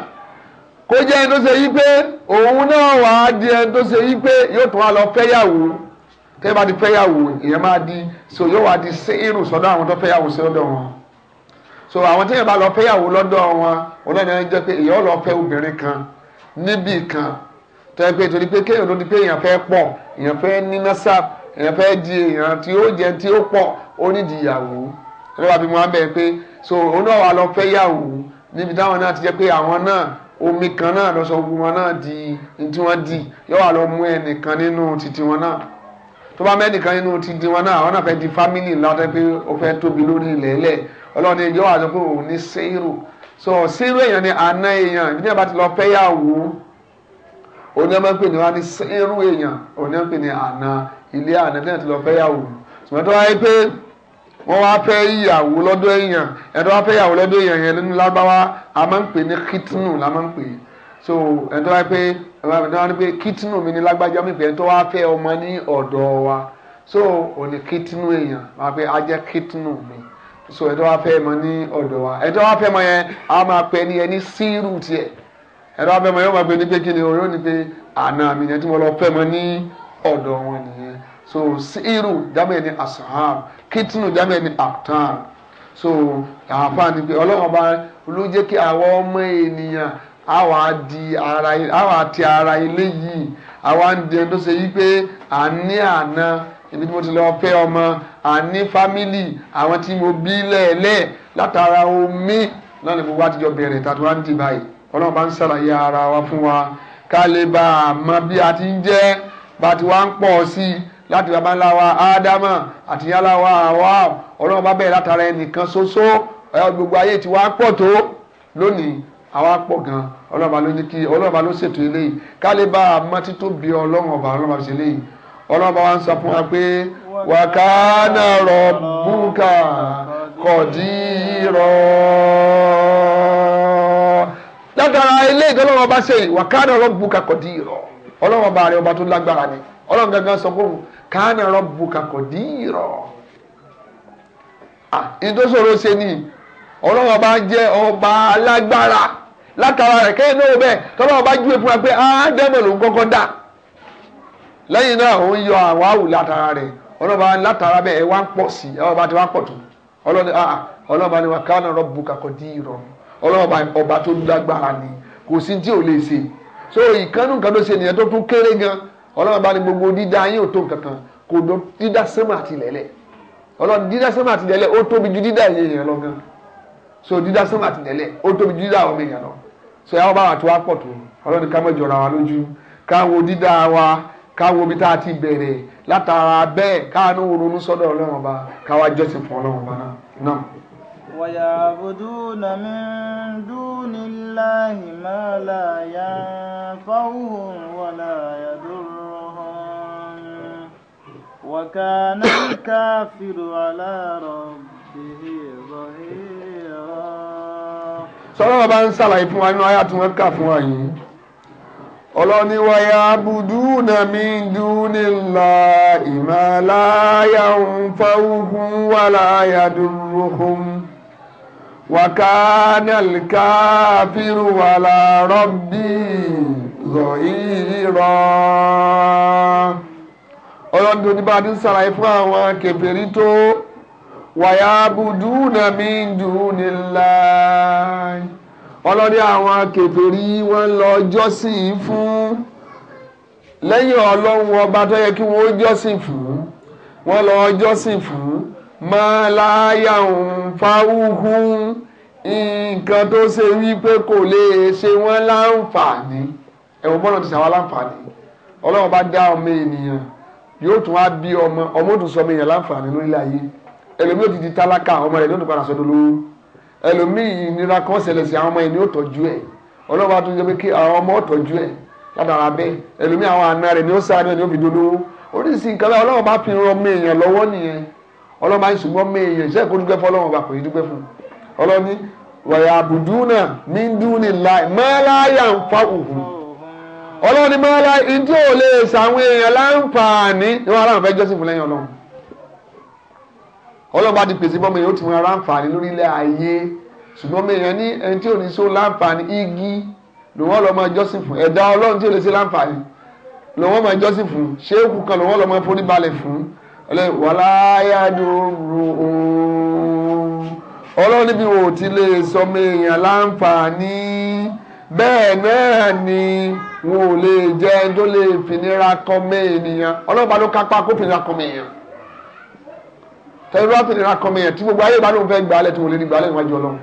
[SPEAKER 2] kó jẹ́ ẹni tó ṣe yí pé òun náà wà á di ẹni tó ṣe yí pé yóò tún wá lọ fẹ́yàwó tẹ́ bá ti fẹ́yàwó ìyẹn máa di so yóò wá di sí irun sọ́dọ̀ àwọn tó fẹ́yàwó sí ọ̀dọ̀ wọn. so àwọn tí yẹn bá lọ fẹ́yàwó lọ́dọ̀ wọn olóyìn na jẹ́ pé èyàn lọ fẹ́ obìnrin kan níbì kan tó pé torí pé kéèyàn ló di pé èyàn fẹ́ pọ̀ èyàn fẹ́ ní fẹ́ di tí ó jẹ tí ó pọ̀ ó ní di ìyàwó so lọ níbi táwọn náà ti jẹ́ pé àwọn náà omi kan náà lọ di di yóò wà lọ mú ẹnìkan nínú titi wọn náà tó bá mẹ́nìkan nínú titi wọn di fámìlì ńlá pé ọlọ́run ní yóò wá sọ pé òun ní sẹ́yìnrù so sẹ́yìnrù èèyàn ni àna èèyàn ìbí náà bá ti lọ fẹ́yàwó òun náà máa ń pè ní wá ní sẹ́yìnrù èèyàn òun náà ń pè ní àna ilé àna náà ti lọ fẹ́yàwó ṣùgbọ́n tó wáyé pé wọ́n wá fẹ́ ìyàwó lọ́dọ̀ èèyàn ẹ̀dọ́ wá fẹ́ ìyàwó lọ́dọ̀ èèyàn yẹn nínú lágbáwá a máa ń pè ní kìtìnù la máa ń pè so ẹ̀dọ́ wá pé ẹ̀dọ́ wá pé kìtìnù mi ní lágbájá mi pè ẹ̀dọ́ wá fẹ́ ọmọ ní ọ̀dọ̀ wa so òní kìtìnù èèyàn wá pé a jẹ́ kìtìnù mi so ẹ̀dọ́ wa fẹ́ mọ ní ọ̀dọ̀ wa ẹ̀dọ́ wa fẹ́ mọ yẹn a máa pẹ́ ní ẹni sírù tiẹ̀ ẹ̀dọ́ wa fẹ́ mọ yẹn wọ́n máa pẹ́ ní pé kí ni orí ó ní pé àná mi yẹn tí mo lọ fẹ́ mọ ní ọ̀dọ̀ wọn nìyẹn so sírù jábẹ́ ni asahab kìtìnù jábẹ́ ni aptan so àáfàá ni pé ọlọ́run bá ló jẹ́ kí àwọn ọmọ ènìyàn àwa di ara àwa ti ara ilé yìí àwa ń di ẹni tó ṣe yí pé à àná ibi tí mo ti lọ fẹ́ ọmọ àní fámìlì àwọn tí mo bí lẹ́ẹ̀lẹ́ látara omi náà ni gbogbo àtijọ́ bẹ̀rẹ̀ tàbí wá ń dì báyìí ọlọ́run bá ń ṣàlàyé ara wa fún wa ká lè bá a mọ bí a ti ń jẹ́ bá a ti wá ń pọ̀ sí i láti bàbá ńlá wa ádámà àti yálà wa àwa ọlọ́run bá bẹ̀rẹ̀ látara ẹnìkan ṣoṣo gbogbo ayé ti wá pọ̀ tó lónìí àwa pọ̀ gan ọlọ́run bá ló ní kí ọlọ́run bá ló ṣètò eléyìí ká lè bá a mọ títóbi ọlọ́run ọba ọlọ́run bá ṣe eléyìí ọlọ́ba wa ń sọ fún wa pé wàkánà rọ̀bùkà kọ̀dírọ̀ látara ilé ìdọ́lọ́wọ́ bá ṣe wàkánà rọ̀bùkà kọ̀dírọ̀ ọlọ́wọ́ bá rẹ̀ ọba tó lágbára ni ọlọ́run gangan sọ fún kánà rọ̀bùkà kọ̀dírọ̀ ìdóṣòro ṣe ni ọlọ́wọ́ bá jẹ́ ọba alágbára látara rẹ̀ kẹ́hìn náà bẹ́ẹ̀ tọ́lọ́wọ́ bá júwe fún wa pé ádámọ̀ ló ń kọ́kọ́ dá lẹ́yìn náà òun yọ àwọn àwù látara rẹ̀ ọlọ́ba látara bẹ́ẹ̀ wá ń pọ̀ sí ọlọ́ba ti wá ń pọ̀ tó ọlọ́ba ni wà kánà rọ́bù kakọ̀ dí irọ́ ọlọ́ba ọba tó lágbára ni kò sí tí ò lè ṣe so ìkànnù nǹkan tó ṣe nìyẹn tó tún kéré gan ọlọ́ba ni gbogbo dídá yín ò tó kankan kò dọ dídá sẹ́mà àtìlẹ́lẹ̀ ọlọ́run dídá sẹ́mà àtìlẹ́lẹ̀ ó tóbi ju dídá èèyàn lọ gan so dídá sẹ́mà àtìlẹ́lẹ̀ ó tóbi ju dídá ọmọ so yàrá bá wà tó wá pọ̀ tó ọlọ́run ká mọ̀ jọra wa wa káwo bí tá a ti bẹ̀rẹ̀ látara bẹ́ẹ̀ káàánú ronú sọ́dọ̀ ọlọ́run ọba káwa jọ́sìn fún ọlọ́run ọba náà.
[SPEAKER 1] ويعبدون من دون الله ما لا ينفعهم ولا يضرهم وكان الكافر على ربه
[SPEAKER 2] ظهيرا. sọ́dọ̀ bá ń ṣàlàyé fún wa nínú ayé àti fún wa yìí ọlọ́ni wáyà abudúnà mi dúnilá ìmàláyà ń fáwùkún wà láyà dúrúkún wàkánàlìká fírùwàlà rọ́bì zọ̀hírọ̀ ọlọ́ni tó ní bá ti ń sàlàyé fún àwọn kèfèrí tó wàyà abudúnà mi dúnilá ọlọ́ni àwọn kèfèrí wọ́n lọ jọ́sìn fún lẹ́yìn ọlọ́run ọba tó yẹ kí wọ́n jọ́sìn fún wọ́n lọ jọ́sìn fún máa láyà ń fáwùhún nǹkan tó ṣe wípé kò lè ṣe wọ́n láǹfààní ẹ̀wọ̀n bọ́lá ti ṣàwọn láǹfààní ọlọ́run bá dá ọmọ ènìyàn yóò tún wá bí ọmọ ọmọ òtún sọmọ èèyàn láǹfààní lórílẹ̀ ayé ẹlòmíràn ti di tálákà ọmọ rẹ̀ ló ti padà sọdọ́ lóru ẹlòmíì ìnira kan ṣẹlẹ̀ sí àwọn ọmọ ẹni ó tọ́jú ẹ̀ ọlọ́wà tó ń jẹ́ pé kí àwọn ọmọ ó tọ́jú ẹ̀ látara bẹ́ẹ̀ ẹlòmíì àwọn àna rẹ̀ ni ó sáré ni ó fi dolówó oríṣi nǹkan báyìí ọlọ́wọ́ bá fi ran mọ èèyàn lọ́wọ́ nìyẹn ọlọ́wọ́ bá ń ṣùgbọ́n mọ èèyàn iṣẹ́ kó dúpẹ́ fún ọlọ́wọ́ bá kò yí dúpẹ́ fún ọlọ́ni wàyà àbùdúnà ní dúnì láì mọ́láyà ń fa òhun ọlọ́ni mọ́láyà ìdí ò lè ṣàwọn èèyàn láǹfààní ni wọ́n aláǹfẹ́ jọ́sìn fún lẹ́yìn ọlọ́run ọlọ́ba ti pèsè bọ́mọ yẹn ó ti mọ ráǹfààní lórílẹ̀ ayé ṣùgbọ́n ọmọ èèyàn ní ẹni tí ò ní so láǹfààní igi lòun ọlọ́mọ jọ́sìn fún ẹ̀dá ọlọ́run tí ò lè ṣe láǹfààní lòun ọmọ jọ́sìn fún ṣéèkù kan lòun ọlọ́mọ forí balẹ̀ fún wàláyàdúró ọlọ́run níbi wo ti lè sọ ọmọ èèyàn láǹfààní bẹ́ẹ̀ náà ni wọn ò lè jẹ́ tó lè fìnira kọ́ mọ́ ènìyàn ọlọ́run ló kápá kó fìnira kọ́ mọ́ ènìyàn tẹ́lẹ̀ bá tẹ̀lé náà kọ́mẹ́yẹ tí gbogbo ayé bá lóun fẹ́ gbalẹ̀ tí mo lè ní gbalẹ̀ níwájú ọlọ́run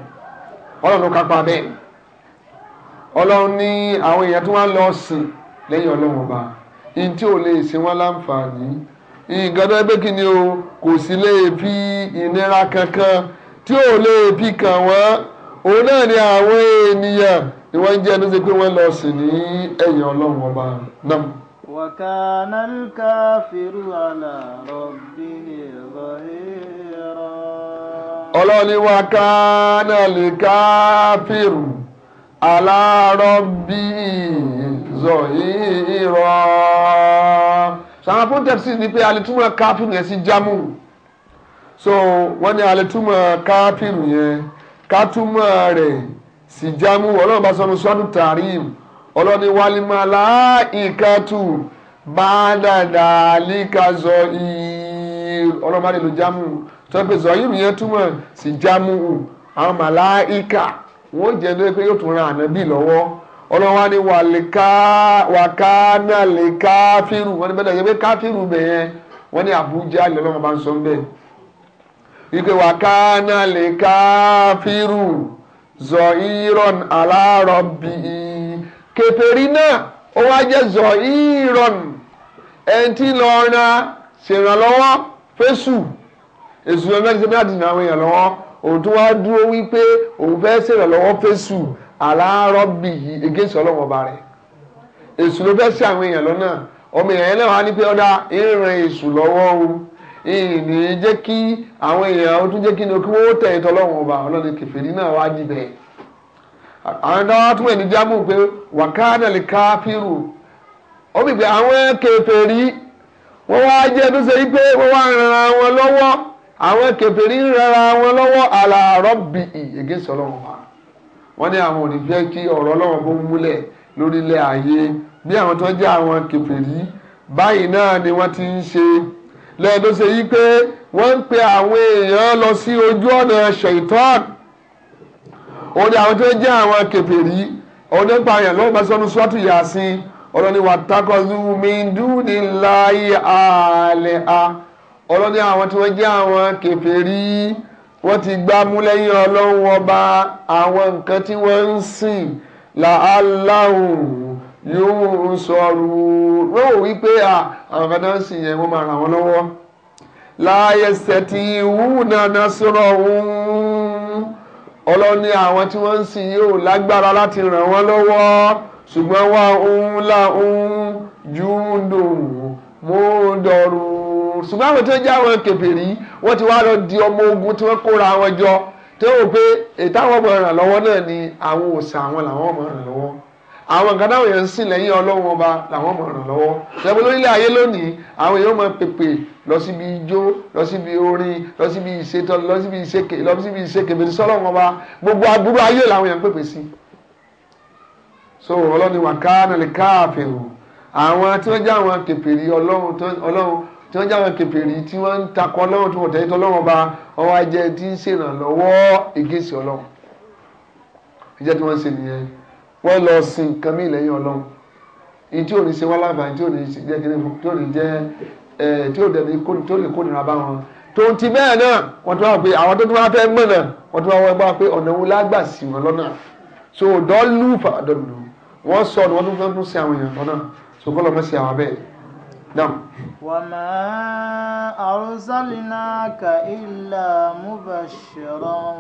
[SPEAKER 2] ọlọ́run ló kápá bẹ́ẹ̀ ọlọ́run ní àwọn èèyàn tí wọ́n lọ sìn lẹ́yìn ọlọ́run ọba ní tí ò lè ṣe wọ́n láǹfààní nǹkan tó ẹgbẹ́ kìíní o kò sí lè fi ìnira kankan tí ò lè fi kàn wọ́n òun náà ni àwọn ènìyàn ni wọ́n jẹ́ ẹni tó ṣe pé wọ́n lọ sìn ní ẹ̀yìn ọlọ́run ọba náà.
[SPEAKER 1] وكان الكافر على ربه ظهيرا
[SPEAKER 2] ọlọ́ni wa kánà lè káfíìrù alárọ́bí zọ̀hírọ̀ sàmà protest ni pé alituma káfíìrù yẹn sí jámù so wọ́n ní alituma káfíìrù yẹn kátúmọ̀ rẹ̀ sí jámù ọlọ́run bá sọnù sọ́dún tààríìmù ọlọ́ni wàlímàlá ìkàtù bàdàdà líkazọ ìyí ọlọ́mọdé ló jámù tọ́pẹ́ zọyìn yẹn túmọ̀ sí jámù àwọn màlá ìkà wọ́n jẹ́ lóye pé yóò tún ran ànábì lọ́wọ́ ọlọ́wọ́n ni wàkánà lè káfíìrù wọ́n ní bẹ́ẹ̀ lọ́yẹ́ káfíìrù bẹ̀yẹn wọ́n ní àbújá ilẹ̀ ọlọ́wọ́n bá ń sọ ń bẹ̀ wípé káfíìrù zọ ìrọ̀n alárọ̀bì kèfèrí náà ó wá jẹ́ zọ ìrọ̀n ẹni tí lọ ra ṣèrànlọ́wọ́ fésù èsù lọ mẹ́rin sẹ́mi láti ìnáwó èèyàn lọ́wọ́ òun tó wá dúró wípé òun fẹ́ ṣèrànlọ́wọ́ fésù aláàárọ̀ bì í egéṣọ́ ọlọ́wọ́ ọba rẹ̀ èsù ló fẹ́ ṣe àwọn èèyàn lọ́nà ọmọ èèyàn náà wá ní pé ọ̀dà ìrìn èsù lọ́wọ́ o ìní jẹ́ kí àwọn èèyàn ó tún jẹ́ kí ni o kí wọ́n tẹ̀ ìtọ́lọ́wọ́ ọba ọlọ́ni kèfèrí náà wá jí àwọn tó wá tún ẹni jámù pé wàkánàlì káfíìrù ó bì pé àwọn kèfèrí wọ́n wá jẹ́ tó ṣe pé wọ́n wá ran wọn lọ́wọ́ àwọn kèfèrí ń ran wọn lọ́wọ́ àlàárọ̀ bì í ègé sọlọ́run wa wọ́n ní àwọn ò kí ọ̀rọ̀ ọlọ́run bó múlẹ̀ lórílẹ̀ ayé bí àwọn tó jẹ́ àwọn kèfèrí báyìí náà ni wọ́n ti ń ṣe lẹ́yìn tó ṣe yí pé wọ́n ń pe àwọn èèyàn lọ sí ojú ọ̀nà ṣèitán òun ni àwọn tó jẹ́ àwọn kèfèrí òun ní pa àyàn lọ́wọ́ ìbáṣọ́nù sọ́ọ̀tù yàsín ọlọ́ni wà takọ́sù mi dúni láyé àlẹ́ a ọlọ́ni àwọn tí wọ́n jẹ́ àwọn kèfèrí wọ́n ti gbá mú lẹ́yìn ọlọ́run ọba àwọn nǹkan tí wọ́n ń sìn làálàhùn yóò sọ̀rọ̀ wọ́n wò wípé àwọn kan náà sìn yẹn wọ́n máa ràn wọ́n lọ́wọ́ láyé sẹ̀tì ìwúnà náà sọ̀rọ̀ òun ọlọ́ni àwọn tí wọ́n ń sìn yóò lágbára láti ràn wọ́n lọ́wọ́ ṣùgbọ́n wá òun la òun jù ú dòun mú dọ̀rùn ṣùgbọ́n àwọn tí wọ́n já wọn kèfèrí wọ́n ti wá lọ di ọmọ ogun tí wọ́n kóra wọn jọ tí wọ́n pé ètò àwọn ọmọ ìrànlọ́wọ́ náà ni àwọn òòṣà àwọn làwọn ọmọ ìrànlọ́wọ́ àwọn nǹkan táwọn èèyàn ń sìn lẹ́yìn ọlọ́run ọba làwọn mọ̀ ràn lọ́wọ́ ṣẹ́gun lórílẹ̀ ayé lónìí àwọn èèyàn máa pèpè lọ síbi ijó lọ síbi orin lọ síbi ìṣètò lọ síbi ìṣèké lọ síbi ìṣèké bèrè sọ́lọ́run ọba gbogbo aburú ayé làwọn èèyàn pèpè sí. so ọlọ́ni wà kánàlì káàfẹ̀rù àwọn tí wọ́n já àwọn kèpèrè ọlọ́run tí wọ́n já àwọn kèpèrè tí wọ́n ń takọ ọlọ́run tí wọ́n tẹ̀lé tọ́lọ́run ọba ọwọ́ ajẹ́ tí ń ṣèrànlọ́wọ́ ìgéṣẹ́ ọlọ́run ìjẹ́ tí wọ́n wọ́n lọ sin nǹkan mí lẹ́yìn ọlọ́run ní tí ò ní ṣe wá lábàá ní tí ò ní jẹ́ kí tí ò ní jẹ́ ẹ̀ tí ò dẹ̀ni tó lè kó nira bá wọn. tó ń ti bẹ́ẹ̀ náà wọ́n ti wá pé àwọn tó ti wá fẹ́ mọ̀ náà wọ́n ti wá wọ́n bá pé ọ̀nà wo lágbà sí wọn lọ́nà so dọ́ọ̀lù fàdọ̀lù wọ́n sọ ọ̀nà wọ́n tún fẹ́ tún sí àwọn èèyàn lọ́nà so kọ́ lọ́mọ sí àwọn bẹ́ẹ̀. نعم
[SPEAKER 1] وما أرسلناك إلا مبشرا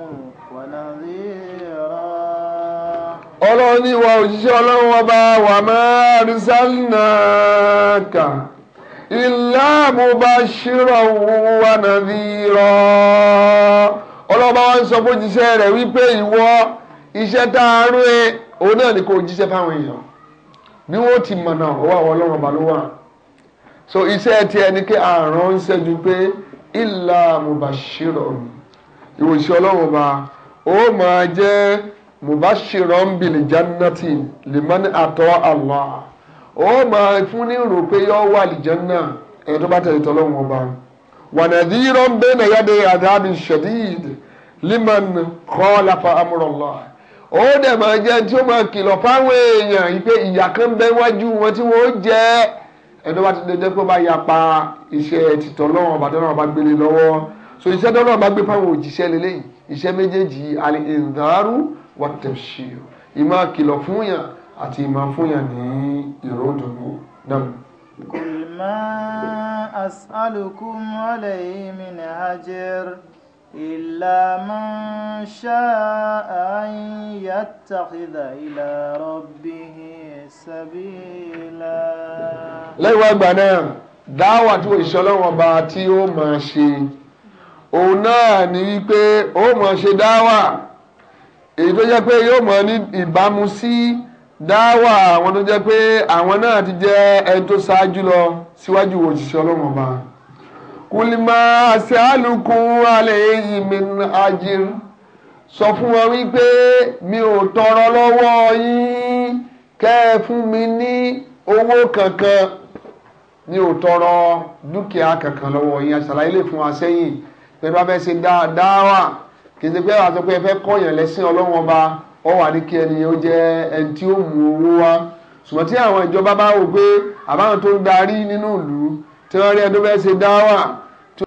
[SPEAKER 1] ونذيرا
[SPEAKER 2] ọlọ́run ní ìwà òjíṣẹ́ ọlọ́run ọba wà máa rìsálìnàkà ìlà mubashira wa nadhira ọlọ́run bá wá ń sọ fún òjíṣẹ́ rẹ̀ wípé ìwọ iṣẹ́ tá a rún ẹ òun náà ni kò jíṣẹ́ fáwọn èèyàn bí wọ́n ti mọ̀nà ọwọ́ àwọn ọlọ́run ọba ló so iṣẹ́ ti ẹni pé àrùn ń ṣẹ́jú pé ìlà mubashiron ìwòsàn ọlọ́run ọba ó máa jẹ́ mubashiron bil jannati liman ato Allah ó máa fún ní rò pé yọ wà lìjánná ẹni tó bá tẹ̀lé tọ́lọ́run ọba wa nadhiran bayna yaday adhabin shadid liman khalafa amrullah ó dẹ̀ máa jẹ́ tí ó máa kìlọ̀ fáwọn èèyàn yìí pé ìyà kan bẹ́ wájú wọn tí wọ́n jẹ́ ẹ́ ẹni wá ti dédé pé bá yapa iṣẹ́ títọ́ lọ́wọ́ bàtọ́ náà bá gbélé lọ́wọ́ so iṣẹ́ tó náà bá gbé fáwọn òjíṣẹ́ lélẹ́yìn iṣẹ́ méjèèjì àlè ìdàrú wàtẹ̀ṣì ìmọ̀ kìlọ̀ fún yàn àti ìmọ̀ fún yàn ní ìró òdòdó náà. kùlùmọ́
[SPEAKER 1] asálùkù mọ́lẹ̀ yìí mi ní hajar. إلا من شاء أن يتخذ إلى ربه سبيلا
[SPEAKER 2] lẹ́yìn ìgbà náà dáwà tí òṣìṣẹ́ ọlọ́run ọba tí ó máa ṣe òun náà ní wípé ó máa ṣe dáwà èyí tó jẹ́ pé yóò máa ní ìbámu sí dáwà àwọn tó jẹ́ pé àwọn náà ti jẹ́ ẹni tó ṣáájú lọ síwájú òṣìṣẹ́ ọlọ́run ọba kùlìmọ̀ àṣàlùkùn alẹ́ ìmì àjìn sọ fún wọn wípé mi ò tọrọ lọ́wọ́ yín kẹ́ ẹ fún mi ní owó kankan mi ò tọrọ dúkìá kankan lọ́wọ́ yín àṣàlàyé lè fún wa sẹ́yìn pé bá fẹ́ ṣe dáadáa wà kì í ṣe pé àtọ́ pé ẹ fẹ́ kọ́yàn lẹ́sìn ọlọ́wọ́n ọba ọ wà ní kí ẹni ó jẹ́ ẹni tí ó mú owó wá ṣùgbọ́n tí àwọn ìjọba bá wò pé àbáwọn tó ń darí nínú ìlú tí wọ́n rí ẹni ṣe dáa wà